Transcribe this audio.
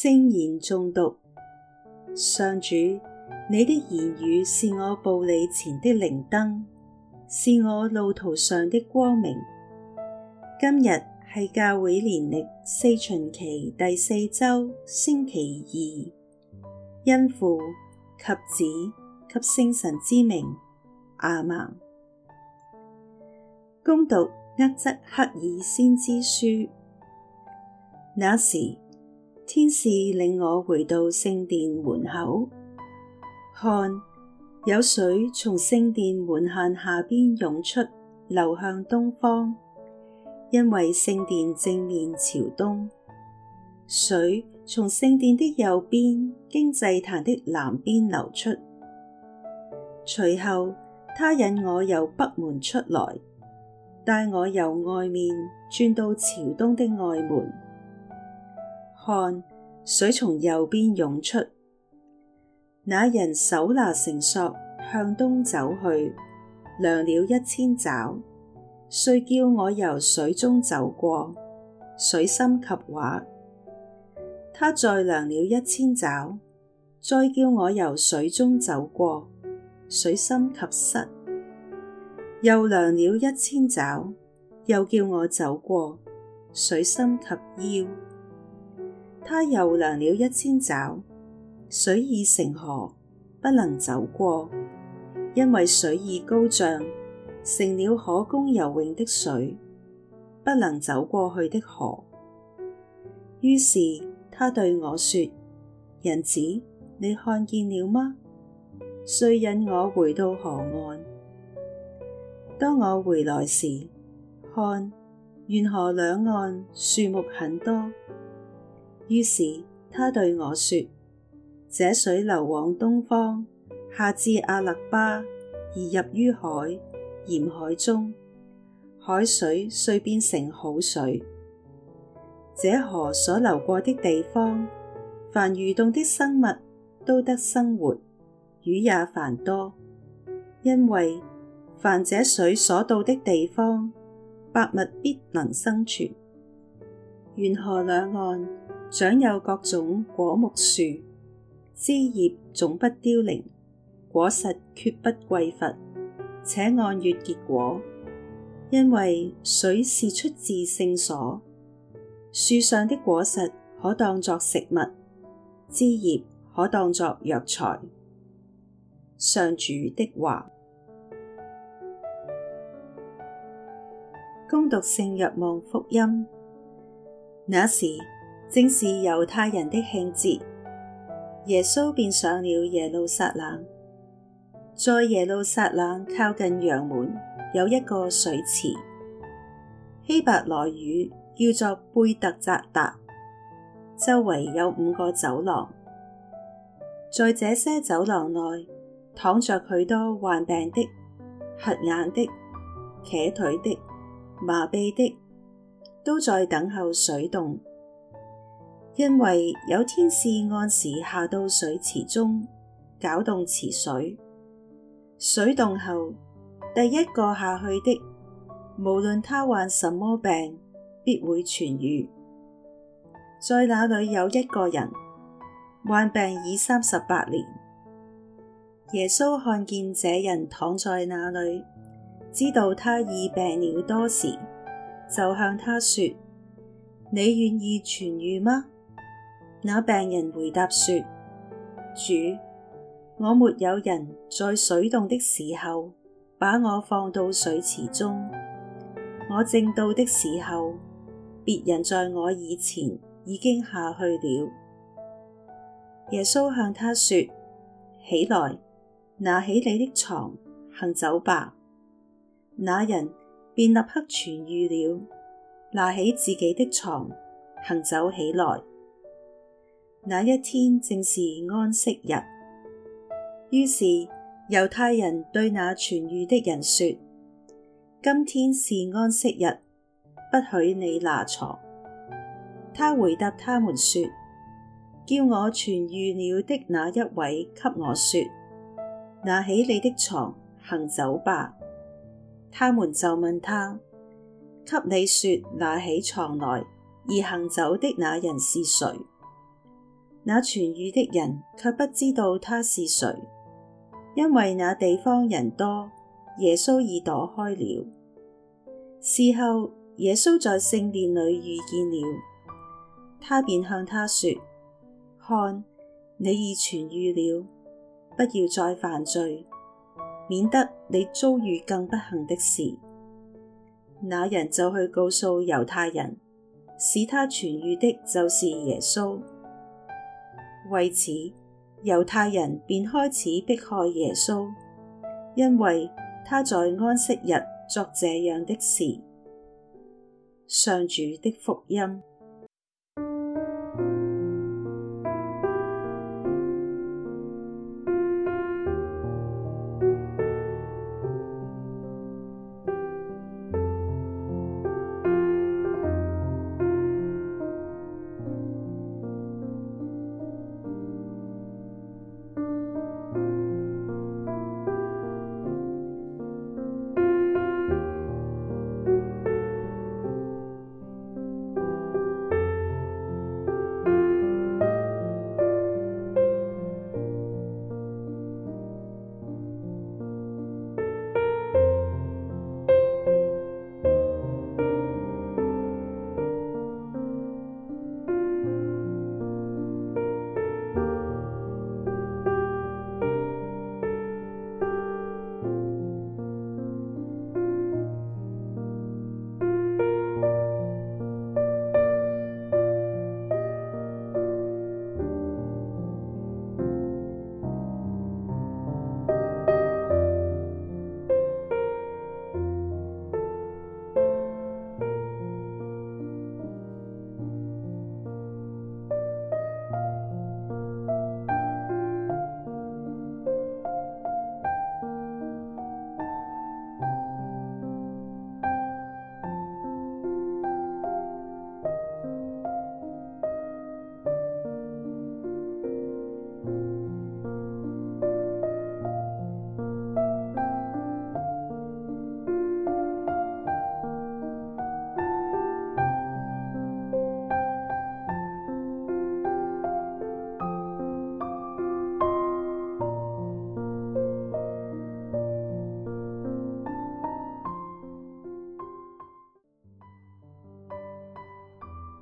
聖言誦讀。上主，你的言語是我步履前的靈燈，是我路途上的光明。今日係教會年曆四旬期第四周星期二，因父及子及聖神之名，阿門。恭讀厄則克耳先知書，那時。天使領我回到聖殿門口，看，有水從聖殿門限下邊湧出，流向東方，因為聖殿正面朝東。水從聖殿的右邊，經祭壇的南邊流出。隨後，他引我由北門出來，帶我由外面轉到朝東的外門。看，水從右邊湧出，那人手拿繩索向東走去，量了一千肘，遂叫我由水中走過，水深及踝。他再量了一千肘，再叫我由水中走過，水深及膝。又量了一千肘，又叫我走過，水深及腰。他又量了一千肘，水已成河，不能走過，因為水已高漲，成了可供游泳的水，不能走過去的河。於是他對我說：人子，你看見了嗎？遂引我回到河岸。當我回來時，看，沿河兩岸，樹木很多。於是他對我說：這水流往東方，下至阿辣巴而入於海鹽海中，海水遂變成好水。這河所流過的地方，凡蠕動的生物都得生活，魚也繁多，因為凡這水所到的地方，百物必能生存。沿河兩岸，長有各種果木樹，枝葉總不凋零，果實決不匱乏，且按月結果。因為水是出自聖所，樹上的果實可當作食物，枝葉可當作藥材。上主的話：恭讀聖若望福音，那時。正是猶太人的慶節，耶穌便上了耶路撒冷。在耶路撒冷靠近羊門有一個水池，希伯來語叫做貝特匝達，周圍有五個走廊。在這些走廊內，躺着許多患病的、瞎眼的、瘸腿的、痲痺的，都在等候水動。因為有天使按時下到水池中，攪動池水，水動後，第一個下去的，無論他患什麼病，必會痊愈。在那裏有一個人，患病已三十八年，耶穌看見這人躺在那裏，知道他已病了多時，就向他說：你願意痊愈嗎？那病人回答說：主，我沒有人在水動的時候把我放到水池中，我正到的時候，別人在我以前已經下去了。耶穌向他說：起來，拿起你的床，行走吧。那人便立刻痊愈了，拿起自己的床，行走起來。那一天正是安息日，於是猶太人對那痊愈的人說：今天是安息日，不許你拿床。他回答他們說：叫我痊愈了的那一位，給我說，拿起你的床，行走吧。他們就問他：給你說拿起床來而行走的那人是誰？那痊愈的人卻不知道他是誰，因為那地方人多，耶穌已躲開了。事後耶穌在聖殿裏遇見了，他便向他說：看，你已痊愈了，不要再犯罪，免得你遭遇更不幸的事。那人就去告訴猶太人，使他痊愈的就是耶穌。為此，猶太人便開始迫害耶穌，因為他在安息日作這樣的事。上主的福音。